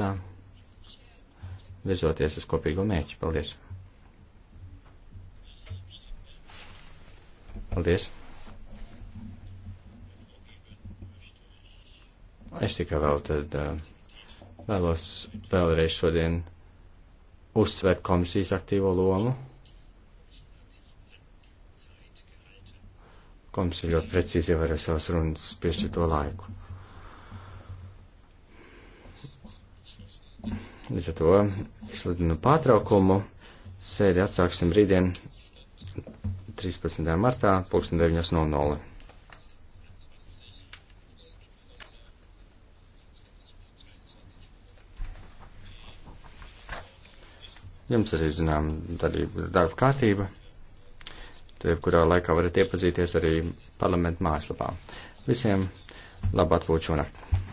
panākts virzoties uz kopīgo mērķi. Paldies! Paldies! Es tikai vēl tad eh, vēlos vēlreiz šodien uzsvērt komisijas aktīvo lomu. Komisija ļoti precīzi ievēro savas runas piešķirto laiku. Līdz ar to izsludinu pārtraukumu. Sēdi atsāksim rītdien 13. martā 19.00. Jums arī zinām darba kārtība. Tur jebkurā laikā varat iepazīties arī parlamentu mājaslapā. Visiem labu atpūču nakti!